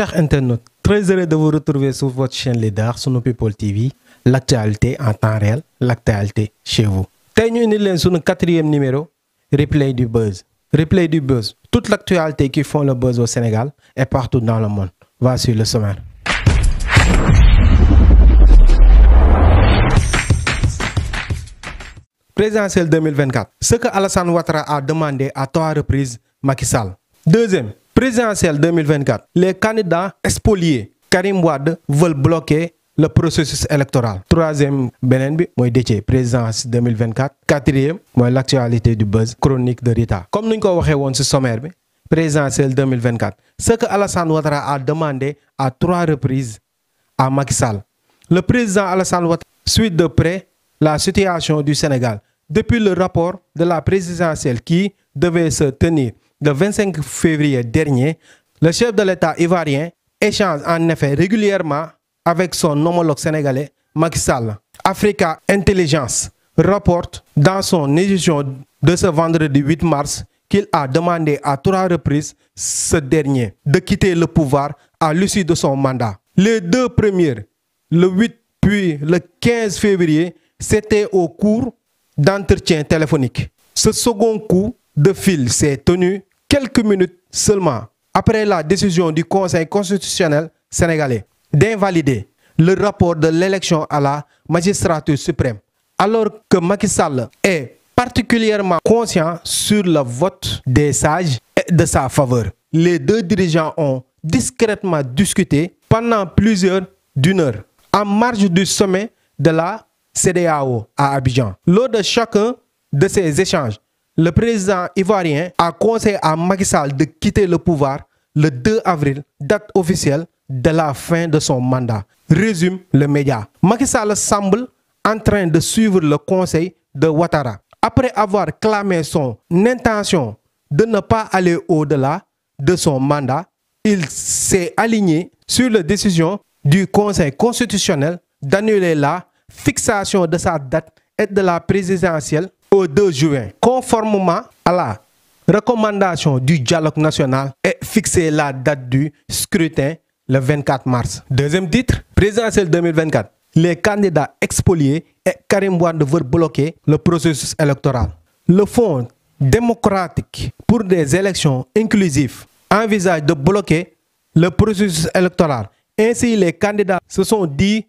chers internautes très heureux de vous retrouver sur votre chaîne leader sunu People TV l'actualité en temps réel l'actualité chez vous. tey ñu indi leen sunu quatrième numéro replay du buzz replay du buzz toute l'actualité qui font le buzz au Sénégal et partout dans le monde va le sommaire. présidentielle 2024 ce que Alassane Ouattara a demandé à trois reprises Macky Sall. présidentielle 2024 les candidats spoliés Karim Wade veulent bloquer le processus électoral troisième beneen bi mooy Déthié présidence 2024 quatrième mooy l'actualité du buzz chronique de Rita comme ni ñu ko waxee woon ci sommaire bi présidentielle 2024 ce que Alassane Ouattara a demandé à trois reprises à Macky Sall le président Alassane Ouattara suit de près la situation du Sénégal depuis le rapport de la présidentielle qui devait se tenir le 25 février dernier, le chef de l'État ivoirien échange en effet régulièrement avec son homologue sénégalais Macky Sall. Africa Intelligence rapporte dans son édition de ce vendredi 8 mars qu'il a demandé à trois reprises ce dernier de le pouvoir à l'issue de son mandat. Les deux premières, le 8 puis le 15 février, c'était au cours d'entretien téléphonique. Ce second coup de fil s'est tenu quelques minutes seulement après la décision du Conseil constitutionnel sénégalais d'invalider le rapport de l'élection à la magistrature suprême. Alors que Macky Sall est particulièrement conscient sur le vote des sages et de sa faveur. Les deux dirigeants ont discrètement discuté pendant plusieurs d'une heure en marge du sommet de la CEDEAO à Abidjan. Lors de chacun de ces échanges, le président ivoirien a conseillé à Macky Sall de quitter le pouvoir le 2 avril, date officielle de la fin de son mandat. Résume le média. Macky Sall semble en train de suivre le conseil de Ouattara. Après avoir clamé son intention de ne pas aller au-delà de son mandat, il s'est aligné sur la décision du Conseil constitutionnel d'annuler la fixation de sa date et de la présidentielle au 2 juin, conformément à la recommandation du dialogue national et fixer la date du scrutin le 24 mars. Deuxième titre, présidentiel 2024. Les candidats expoliés et Karim Wade veulent le processus électoral. Le Fonds démocratique pour des élections inclusives envisage de bloquer le processus électoral. Ainsi, les candidats se sont dit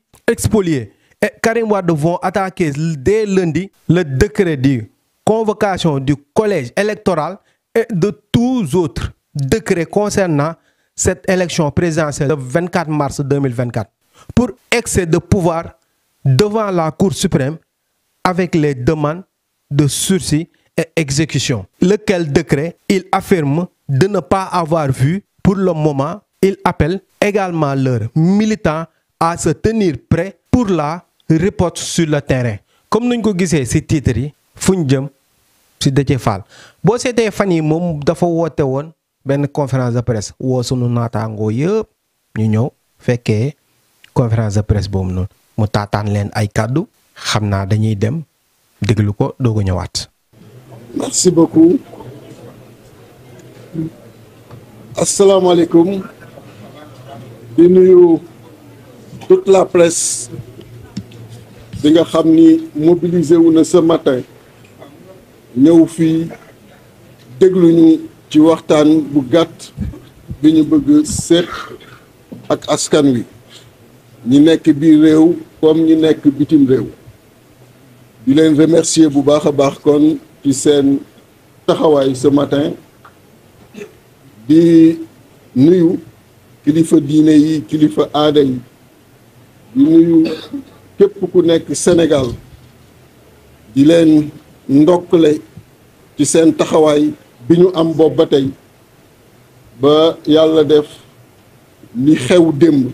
Karim Wade vont attaquer dès lundi le décret du convocation du collège électoral et de tous autres décrets concernant cette élection présidentielle le 24 mars 2024 pour excès de pouvoir devant la Cour suprême avec les de sursis et exécution. Lequel décret il affirme de ne pas avoir vu pour le moment. Il appelle également leurs militants à tenir prêts pour la reporte sur le terrain comme nuñ ko gisee ci titre yi fuñ jëm ci Déthié Fall boo seetee fan yi moom dafa woote woon benn conférence de presse woo sunu naataangoo yëpp ñu ñëw fekkee conférence de presse boobu noonu mu taataan leen ay kàddu xam naa dañuy dem déglu ko doog a ñëwaat. merci beaucoup asalaamaaleykum nuyu toute la presse. bi nga xam ni mobilisé wu na ce matin ñëw fii dégluñu ci waxtaan bu gàtt bi ñu bëgg seet ak askan wi ñi nekk biir réew comme ñi nekk bitim réew di leen remercier bu baax a baax kon ci seen taxawaay ce matin di nuyu kilifa diine yi kilifa aada yi di nuyu képp ku nekk Sénégal di leen ndokkale ci seen taxawaay bi ñu am boobu ba tey ba yàlla def li xew démb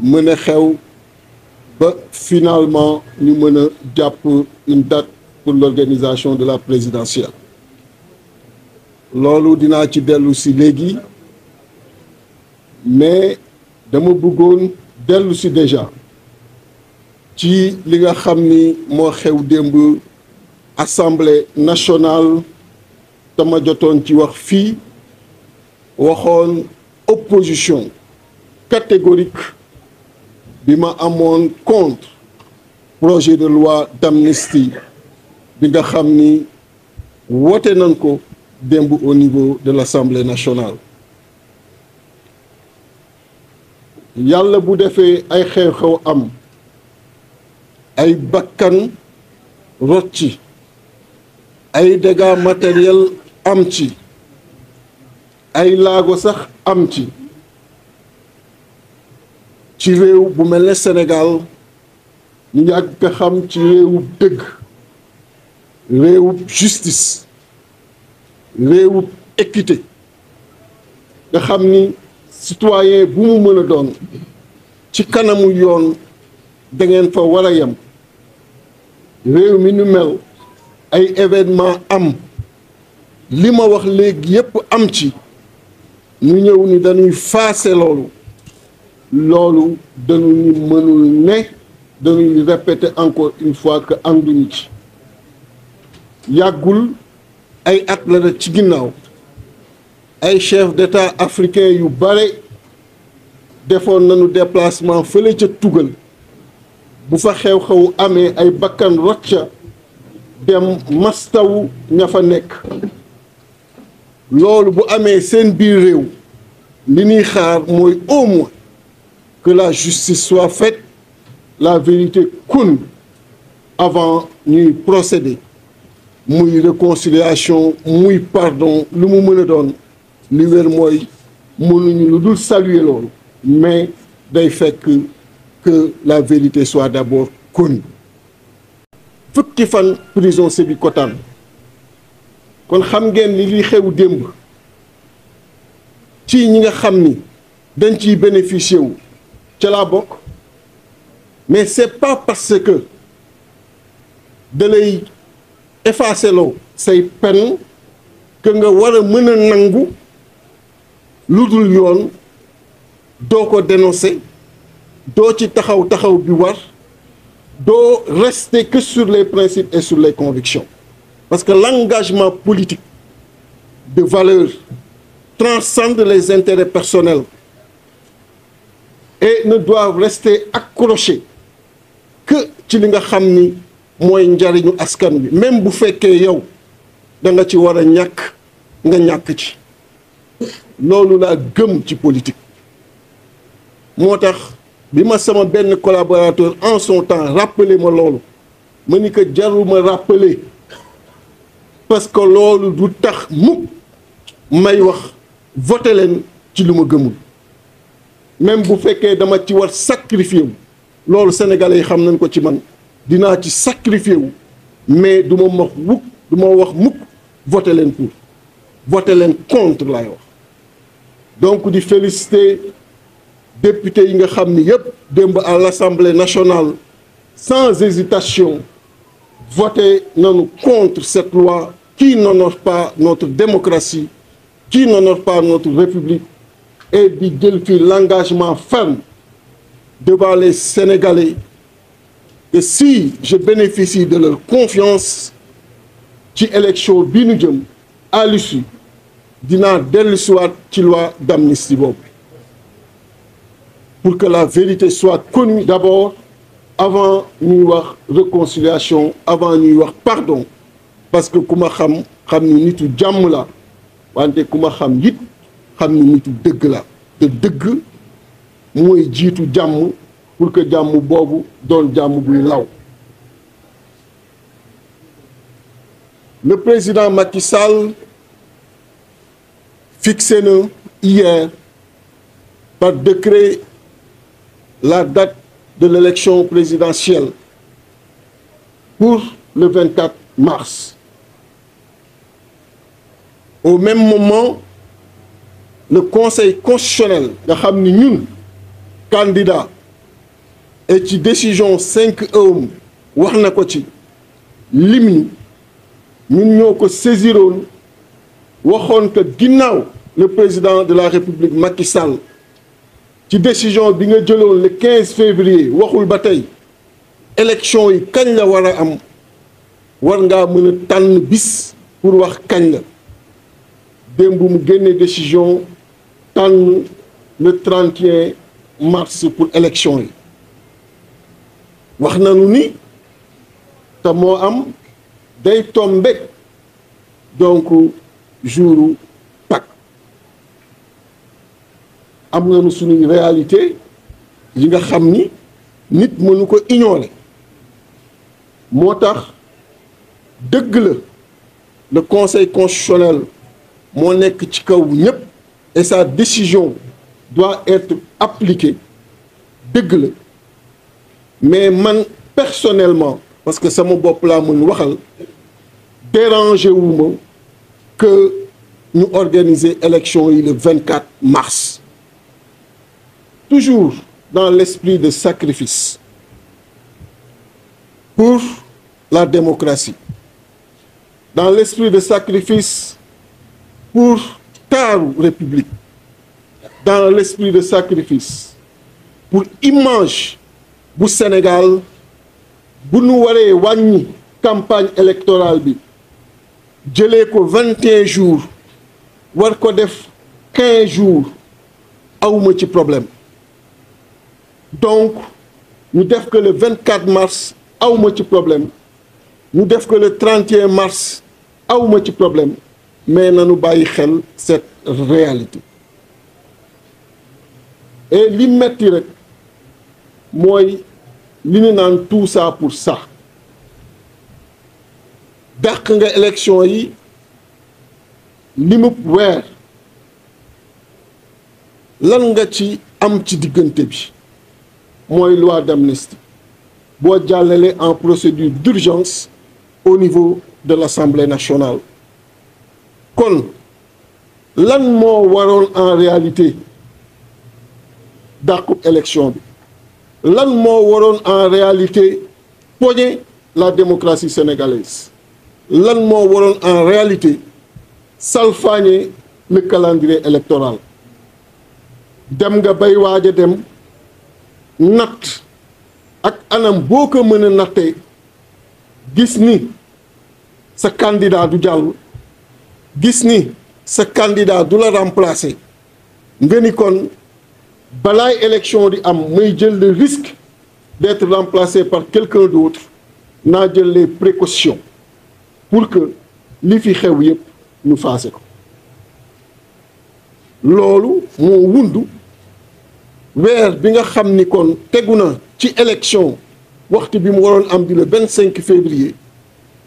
mën a xew ba finalement ñu mën a jàpp une date pour l'organisation de la présidentielle loolu dinaa ci dellu si léegi mais dama bëggoon dellu si déjà ci li nga xam ni moo xew démb assemblée nationale dama jotoon ci wax fii waxoon opposition catégorique bi ma amoon contre projet de loi d'amnistie bi nga xam ni woote nañ ko démb au niveau de l'Assemblée nationale yàlla bu defee ay xew-xew am ay bakkan rot ay dégâts matériels am ci ay laago sax am ci ci réew bu mel ne Sénégal ñu yàgg a xam ci réewu dëgg réewu justice réewu équité nga xam ni citoyen bu mu mën a doon ci kanamu yoon dangeen ngeen fa war a yem réew mi nu mel ay événement am li ma wax léegi yépp am ci ñu ñëw ni dañuy faase loolu loolu dañuy mënul ne dañuy répéter encore une fois que anduñu ci yàggul ay at ci ginnaaw ay chef d'état africain yu bare defoon nanu déplacement fële ca tugal bu fa xew-xew amee ay bakkan rocca dem mastaw ña fa nekk loolu bu amee seen biir réew li ñuy xaar mooy au moins que la justice soit faite la vérité coule avant ñuy procéder muy réconciliation muy pardon lu mu mën a doon li mooy mënuñu lu dul saluer loolu mais day fekk la vérité soit d'abord connue fukki fan prison Sébikotane kon xam ngeen ni li xew démb ci ñi nga xam ni dañ ci bénéficier wu ca la bokk mais c'est pas parce que da lay effacer loo say peine que nga war a mën a nangu lu dul yoon doo ko dénoncer doo ci taxaw taxaw bi war doo rester que sur les principes et sur les convictions parce que l'engagement politique de valeur transcende les intérêts personnels et ne doivent rester accrochés que ci li nga xam ni mooy njariñu askan wi même bu fekkee yow da nga ci war a ñàkk nga ñàkk ci loolu laa gëm ci politique moo tax bi ma sama benn collaborateur en son temps rappelé ma loolu ma ni ko jaruma rappelé parce que loolu du tax mukk may wax voté leen ci lu ma gëmul même bu fekkee dama ci war sacrifié wu loolu sénégalais yi xam nañ ko ci man dinaa ci sacrifié wu mais du ma wax mukk du ma wax mukk voté leen pour voté leen contre lay wax donc di félicité député yi nga xam ni yëpp démb à l'Assemblée nationale sans hésitation voté nañu contre cette loi qui n'honore pas notre démocratie qui n'honore pas notre République et di jël fi l'engagement ferme devant les Sénégalais que si je bénéficie de leur confiance ci élection bi nu jëm à l'issue dinaa dellusiwaat ci loi d'amnistie boobu pour que la vérité soit connue d'abord avant ñuy wax réconciliation avant ñuy wax pardon parce que ku ma xam xam ni nitu jàmm la wante ku ma xam it xam ni nitu dëgg la te dëgg mooy jiitu jàmm pour que jàmm boobu doon jàmm buy law le président Macky Sall fixé na hier par décret la date de l'élection présidentielle pour le 24 mars. Au même moment, le Conseil constitutionnel nga xam ni ñun candidat et ci décision 5e wax na ko ci lim ñun ñoo ko saisiroon waxoon que ginnaaw le président de la République Macky Sall ci décision bi nga jëloon le 15 février waxul ba tey élection yi kañ la war a am war ngaa mën a tànn bis pour wax kañ la démb mu génne décision tànn le 31 mars pour élection yi wax nañu ni te moo am day tombe donc jouru am nañu suñuy réalité yi nga xam ni nit mënu ko ignorer moo tax dëgg la le conseil constitutionnel moo nekk ci kaw ñëpp et sa décision doit être appliquée dëgg la mais man personnellement parce que sama bopp laa mën waxal déranger wu ma que ñu organiser élection yi le 24 mars toujours dans l'esprit de sacrifice pour la démocratie, dans l'esprit de sacrifice pour ta république, dans l'esprit de sacrifice pour image bu Sénégal bu nu waree wàññi campagne électorale bi jëlee ko 21 jours war ko def 15 jours awma ci problème donc ñu def que le 24 mars awma ci problème ñu def ko le 31 mars awma ci problème mais nañu bàyyi xel cet réalité et li metti rek mooy li ñu naan tout ça pour ça dàq nga élection yi li mu weer lan nga ci am ci diggante bi mooy loi d'amnistie boo jàllale en procédure d'urgence au niveau de l'Assemblée nationale kon lan moo waroon en réalité dàqu élection bi lan moo waroon en réalité poñe la démocratie sénégalaise lan moo waroon en réalité salfaañe le calendrier électoral dem nga bay waaj a dem natt ak anam boo ko mën a nattee gis ni sa candidat du jàll gis ni sa candidat du la remplacer nga ni kon balaay élection di am may jël le risque d'être remplacé par quelqu'un d'autre naa jël les précautions pour que li fi xew yépp ñu faase ko loolu moo wundu weer bi nga xam ni kon tegu na ci élection waxtu bi mu waroon am di le vingt cinq février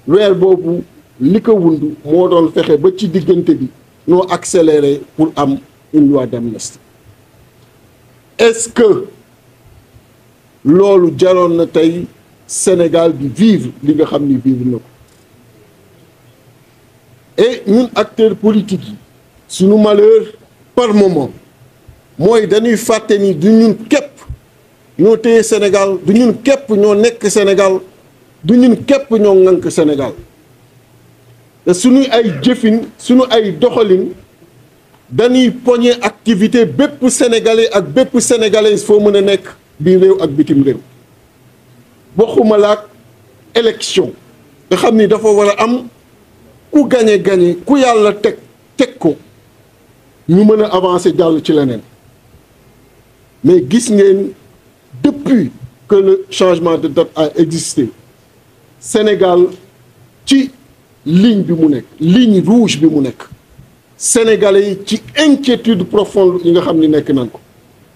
weer boobu li ko wund moo doon fexe ba ci diggante bi noo accéléré pour am une loi d'amnistie est-ce que loolu jaroon na tey Sénégal di vivre li nga xam ni vivre na ko et ñun acteurs politiques yi suñu malheur par moment mooy dañuy fàtte ni du ñun képp ñoo téye senegal du ñun képp ñoo nekk senegal du ñun képp ñoo ŋànk Sénégal te suñu ay jëfin suñu ay doxalin dañuy poñe activité bépp sénégalais ak bépp sénégalaise foo mën a nekk bii réew ak bitim réew waxuma laak élection nga xam ni dafa war a am ku gañe gañe ku yàlla teg teg ko ñu mën a avancer jàll ci leneen mais gis ngeen depuis que le changement de date a existé Sénégal ci ligne bi mu nekk ligne rouge bi mu nekk Sénégalais yi ci inquiétude profonde yi nga xam ni nekk nañ ko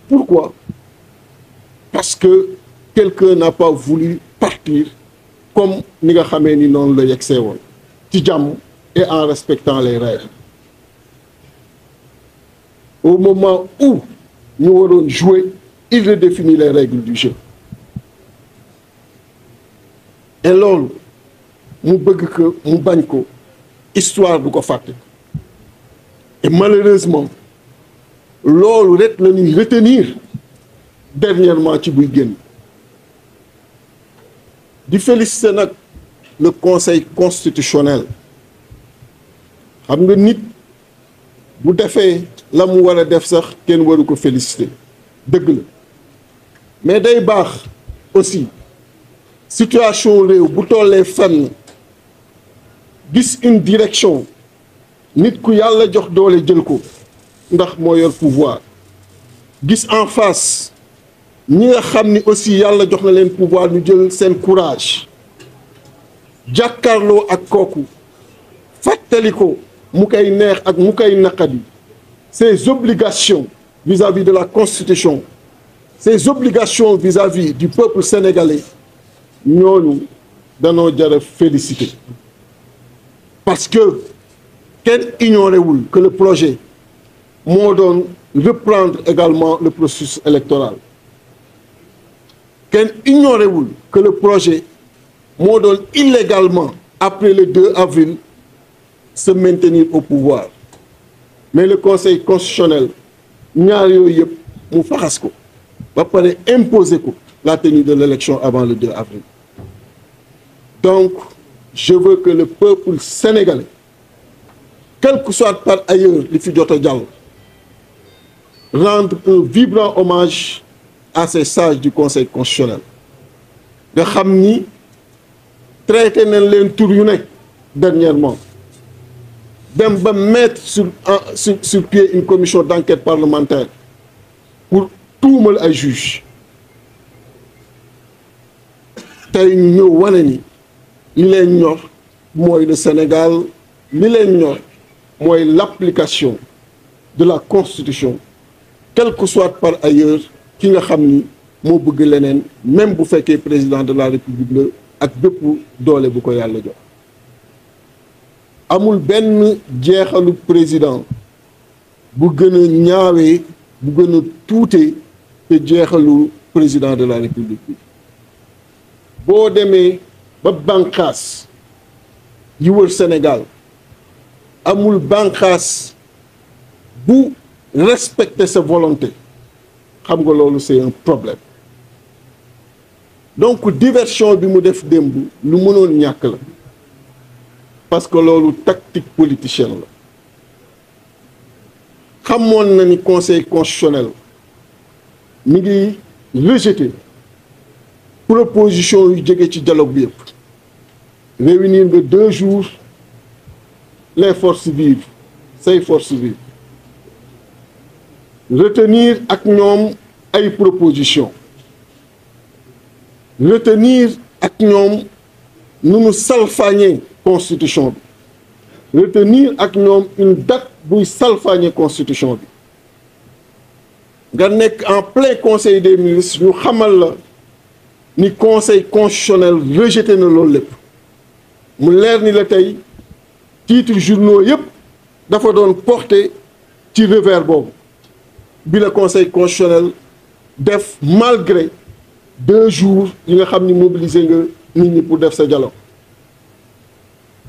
pourquoi parce que quelqu'un n'a pas voulu partir comme ni nga xamee ni noonu la yegsee woon ci jàmm et en respectant les règles au moment où ñu waroon jouer il redéfinit les règles du loolu mu bëgg que mu bañ ko histoire du ko fàtte et malheureusement loolu ret la ñuy retenir dernièrement ci buy génn di félicité nag la conseil constitutionnel xam nga nit bu defee la mu war a def sax kenn waru ko féliciter dëgg la mais day baax aussi situation réew bu tollee fenn gis une direction nit ku yàlla jox doole jël ko ndax moo yor pouvoir gis en face ñi nga xam ni aussi yàlla jox na leen pouvoir ñu jël seen courage jàkkarloo ak kooku fàttali ko mu koy neex ak mu koy naqadi ses obligations vis-à-vis de la Constitution, ses obligations vis-à-vis -vis du peuple sénégalais, ñooñu danoo jara félicité parce que kenn ignoréwul que le projet moo doon reprendre également le processus électoral kenn ignoréwul que le projet moo doon illégalement après le 2 avril se maintenir au pouvoir mais le conseil constitutionnel ñaar yooyu yëpp mu faxas ko ba pare imposer ko la tenue de l'élection avant le 2 avril donc je veux que le peuple sénégalais quel soit par ailleurs li fi jot a jàll rendre un vibrant hommage à ces sages du conseil constitutionnel nga xam ni traité nañ leen tur yu nekk dernièrement dem ba mettre sur sur sur pied une commission d'enquête parlementaire pour tuumal ay juge tey ñu ñëw wane ni li leen ñor mooy le Sénégal li leen ñor mooy l'application de la constitution quel que soit par ailleurs ki nga xam ni moo bëgg leneen même bu fekkee président de la république la ak bépp doole bu ko yàlla jox amul benn jeexalu président bu gën ñaawee bu gën a te jeexalu président de la république bi boo demee ba bànqaas yi wër amul bànqaas bu respecter sa volonté xam nga loolu c'est un problème donc diversion bi mu def démb lu mënoon ñàkk la parce que loolu tactique politicienne la xamoon na ni conseil constitutionnel mi ngi rejeté proposition yu jóge ci dialogue bi yëpp réunir nga deux jours les forces vives say forces vives retenir ak ñoom ay proposition retenir ak ñoom nu mu salfaañee constitution bi retenir ak ñoom une date buy salfaañe constitution bi nga nekk en plein conseil des ministres ñu xamal la ni conseil constitutionnel rejeté na loolu lépp mu leer ni la tey titre journaux yëpp dafa doon porté ci revers boobu bi la conseil constitutionnel def malgré deux jours yi nga xam ni mobilisé nga nit ñi pour def sa dialogue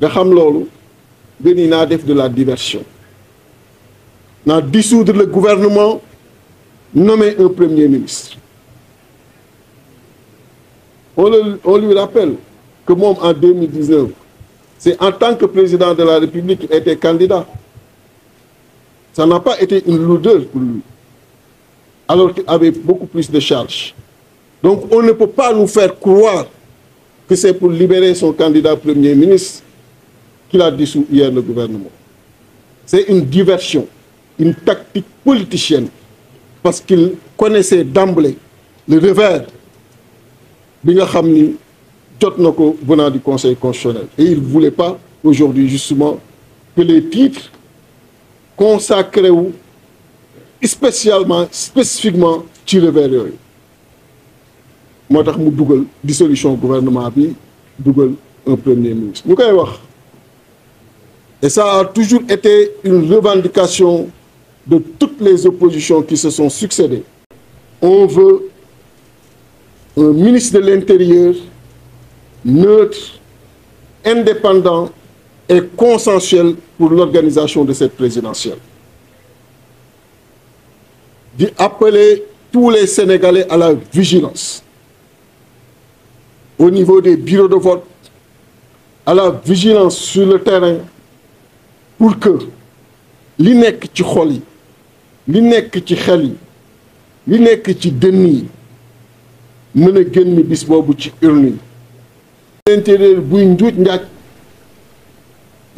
nga xam loolu benn def de la diversion naa dissoudre le gouvernement nommer un premier ministre on le on lui rappelle que moom en 2019 c'est en tant que président de la République qu'il était candidat ça n'a pas été une lourdeur pour lui alors qu'il avait beaucoup plus de charge donc on ne peut pas nous faire croire que c'est pour libérer son candidat premier ministre qu'il a dissous hier le gouvernement. C'est une diversion, une tactique politicienne, parce qu'il connaissait d'emblée le revers bi nga xam ni jot na ko venant du Conseil constitutionnel. Et il ne voulait pas aujourd'hui justement que les titres consacrés wu spécialement spécifiquement ci revers moo tax mu dugal dissolution gouvernement bi dugal un premier ministre ñu koy wax. Et ça a toujours été une revendication de toutes les oppositions qui se sont succédées. On veut un ministre de l'Intérieur neutre, indépendant et consensuel pour l'organisation de cette présidentielle. D'y appeler tous les Sénégalais à la vigilance au niveau des bureaux de vote, à la vigilance sur le terrain, pour que li nekk ci xol yi li nekk ci xel yi li nekk ci dënn yi mën a génn bis boobu ci urne yi l'intérieur buy njuuj njaaj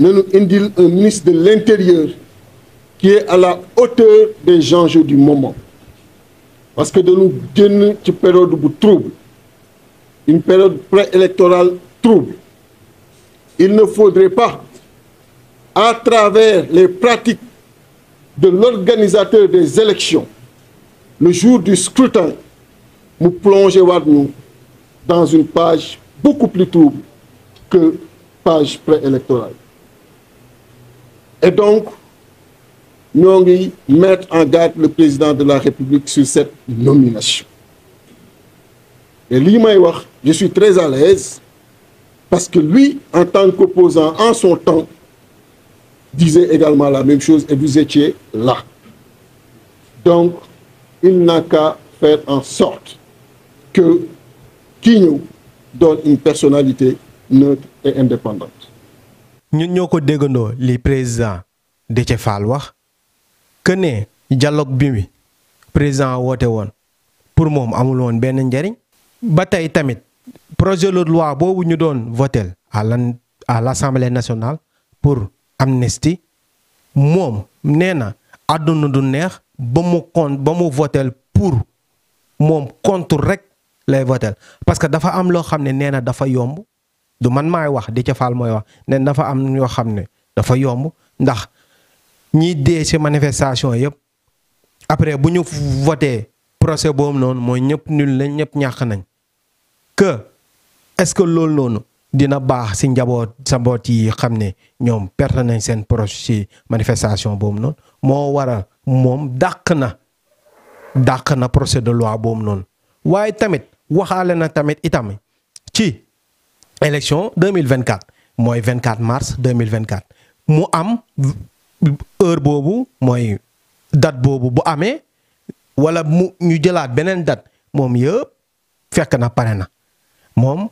nañu indil un ministre de l'intérieur qui est à la hauteur des enjeux du moment parce que danu génn ci période bu trouble une période électorale trouble il ne faudrait pas à travers les pratiques de l'organisateur des élections le jour du scrutin mu plongé waat ñu dans une page beaucoup plus trouble que page préélectorale et donc ñoo ngi mettre en garde le président de la République sur cette nomination et lii may wax je suis très à l'aise parce que lui en tant qu'opposant en son temps disait également la même chose et vous étiez là. Donc, il n'a qu'à faire en sorte que qui nous donne une personnalité neutre et indépendante. ñun ñoo ko déggandoo li président Déthié Fall wax que ne dialogue bi mi président woote woon pour moom amul woon benn njariñ ba tey tamit projet de loi boobu ñu doon votel à l'Assemblée nationale pour Amnesty moom nee na àdduna du neex ba mu kon ba mu votel pour moom contre rek lay votel parce que dafa am loo xam ne nee na dafa yomb du man maay wax di ca mooy wax nee na dafa am yoo xam ne dafa yomb ndax ñiy dee manifestation yëpp après bu ñu voté procès boobu noonu mooy ñëpp nul lañ ñëpp ñàkk nañ que est-ce que loolu noonu dina baax si njaboot sa mboot yi xam ne ñoom perte nañ seen proche si manifestation boobu noonu moo wara moom dàq na dàq na procès de loi boobu noonu waaye tamit waxaale na tamit itam ci élection 2024 mooy 24 mars 2024 mu am heure boobu mooy date boobu bu amee wala mu ñu jëlaat beneen dat moom yëpp fekk na pare na moom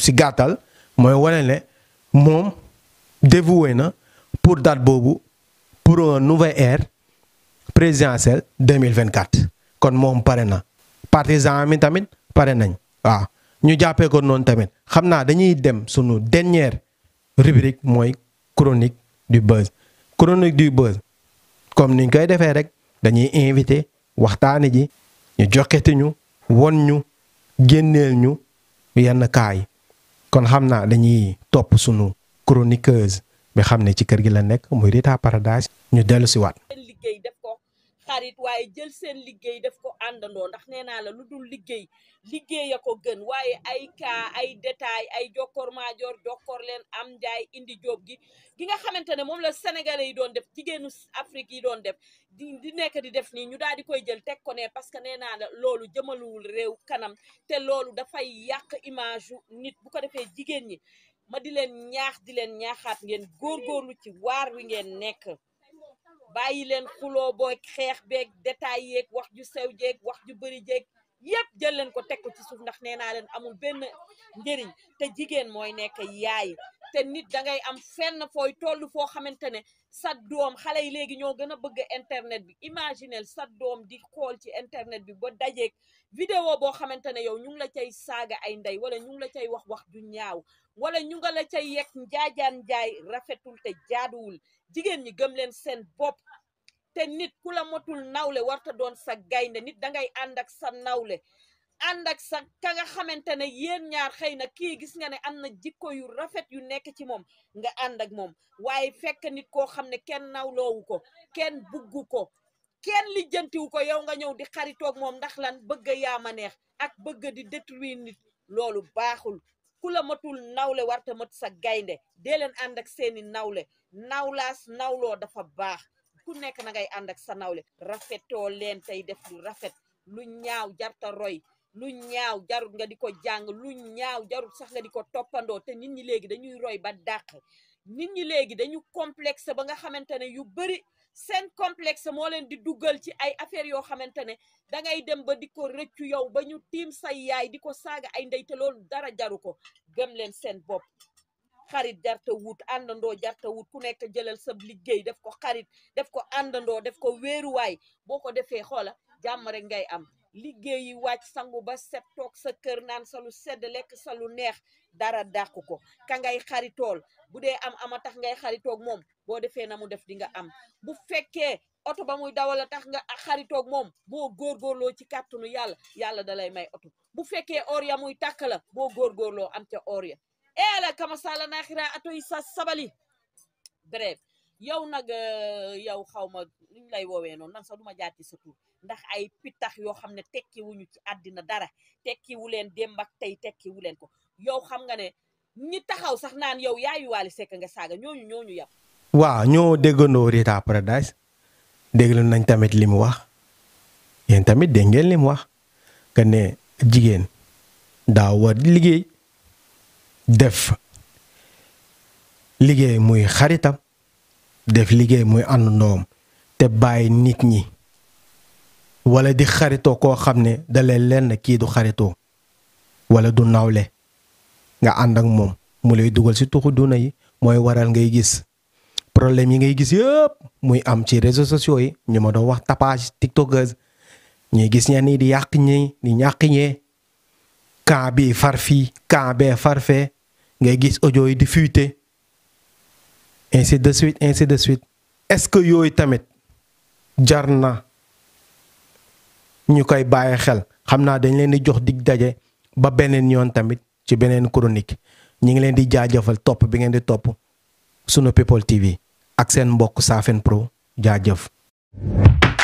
si gàttal mooy wane le moom dévoué na pour date boobu pour une nouvelle ère présidentielle 2024 kon moom pare na partisan mi tamit pare nañ waa ñu jàppee ko noonu tamit xam naa dañuy dem sunu dernière rubrique mooy chronique du buzz chronique du buzz comme niñ koy defee rek dañuy invité waxtaani ji ñu jokkete ñu won ñu génneel ñu yenn kaay kon xam naa dañuy topp sunu chroniqueuse bi xam ne ci kër gi la nekk muy Rita Paradise ñu dellu si waat xarit waaye jël seen liggéey def ko àndandoo ndax nee naa la lu dul liggéey liggéey ko gën waaye ay kaa ay détail ay jokkoor maajoor jokkoor leen am ndiay indi jóob gi gi nga xamante ne moom la sénégalais yi doon def jigéenu Afrique yi doon def di di nekk di def nii ñu daal di koy jël teg ko ne parce que nee naa la loolu jëmaluwul réew kanam te loolu dafay yàq images nit bu ko defee jigéen ñi ma di leen ñaax di leen ñaaxaat ngeen góorgóorlu ci waar wi ngeen nekk bàyyi leen xuloo boo xeex beeg détail yeeg wax ju sew jeeg wax ju bëri jeeg yépp jël leen ko teg ko ci suuf ndax nee naa leen amul benn njëriñ te jigéen mooy nekk yaay te nit da ngay am fenn fooy toll foo xamante ne sa doom xale yi léegi ñoo gën a bëgg internet bi imaginel sa doom di xool ci internet bi ba dajeeg vidéo boo xamante ne yow ñu ngi la cay saaga ay ndey wala ñu la cay wax wax ju ñaaw wala ñu nga la ca yegg njaajaan njaay rafetul te jaaduwul jigéen ñi gëm leen seen bopp te nit ku la motul nawle warta doon sa gaynde nit dangay ànd ak sa nawle ànd ak sa ka nga xamante ne yéen ñaar xëy na kii gis nga ne am na jikko yu rafet yu nekk ci moom nga ànd ak moom waaye fekk nit koo xam ne kenn nawloowu ko kenn buggu ko kenn lijjantiwu ko yow nga ñëw di xaritoog moom ndax la bëgg yaa ma neex ak bëgg di détruire nit loolu baaxul ku la matul nawle warta mat sa gaynde dee leen ànd ak seeni nawle nawlaas nawloo dafa baax ku nekk na ngay ànd ak sa nawle rafetoo leen tey def lu rafet lu ñaaw jarta roy lu ñaaw jarut nga di ko jàng lu ñaaw jarut sax nga ko toppandoo te nit ñi léegi dañuy roy ba dàq nit ñi léegi dañu complexe ba nga xamante ne yu bari seen complexe moo leen di duggal ci ay affaires yoo xamante ne da ngay dem ba di ko rëccu yow ba ñu tiim say yaay di ko saaga ay ndey dara jaru ko gëm leen seen bopp xarit jarta wut àndandoo jarta wut ku nekk jëlal sa liggéey def ko xarit def ko àndandoo def ko wéeruwaay boo ko defee xoola jàmm ngay am liggéey yi wàcc sangu ba set toog sa kër naan salu sedd lekk sa lu neex dara dàqu ko ka ngay xaritool bu dee am ama tax ngay xaritoog moom boo defee na mu def di nga am bu fekkee oto ba muy dawal tax nga xaritoog moom boo góorgóorloo ci kàttanu yàlla yàlla lay may oto bu fekkee or ya muy tàkk la boo góorgóorloo am ca or ya eela eh kama sala naaxira atoy sa sabali bref yow nag eh, yow xaw ma nuñ lay woowee noon man sax du ma jaati sa tur ndax ay pitax yoo xam ne tekki wuñu ci àddina dara tekkiwu leen démb ak tey tekki leen ko yow xam nga ne ñi taxaw sax naan yow yaayu Wally Seck nga saaga ñooñu ñooñu yàpp waaw ñoo déggandoo Rita Paradise déglu nañ tamit li mu wax yéen tamit dégg ngeen li wax que ne jigéen daa war liggéey def liggéey muy xaritam def liggéey muy àndandoom te bàyyi nit ñi wala di xaritoo koo xam ne dalee lenn kii du xaritoo wala du nawle nga ànd ak moom mu lay dugal si tuxu duna yi mooy waral ngay gis problème yi ngay gis yëpp muy am ci réseau sociaux yi ñu ma doon wax tapage tiktokers ñuy gis ñenn ñi di yàq ñi di ñàq ñee camp bi far fii camp bee far fee ngay gis audio yi di fuité ainsi de suite ainsi de suite est-ce que yooyu tamit jar na ñu koy bàyyi xel xam naa dañ leen di jox dig daje ba beneen yoon tamit ci beneen chronique ñi ngi leen di jaajëfal topp bi ngeen di topp sunu People TV ak seen mbokk Safen Pro jaajëf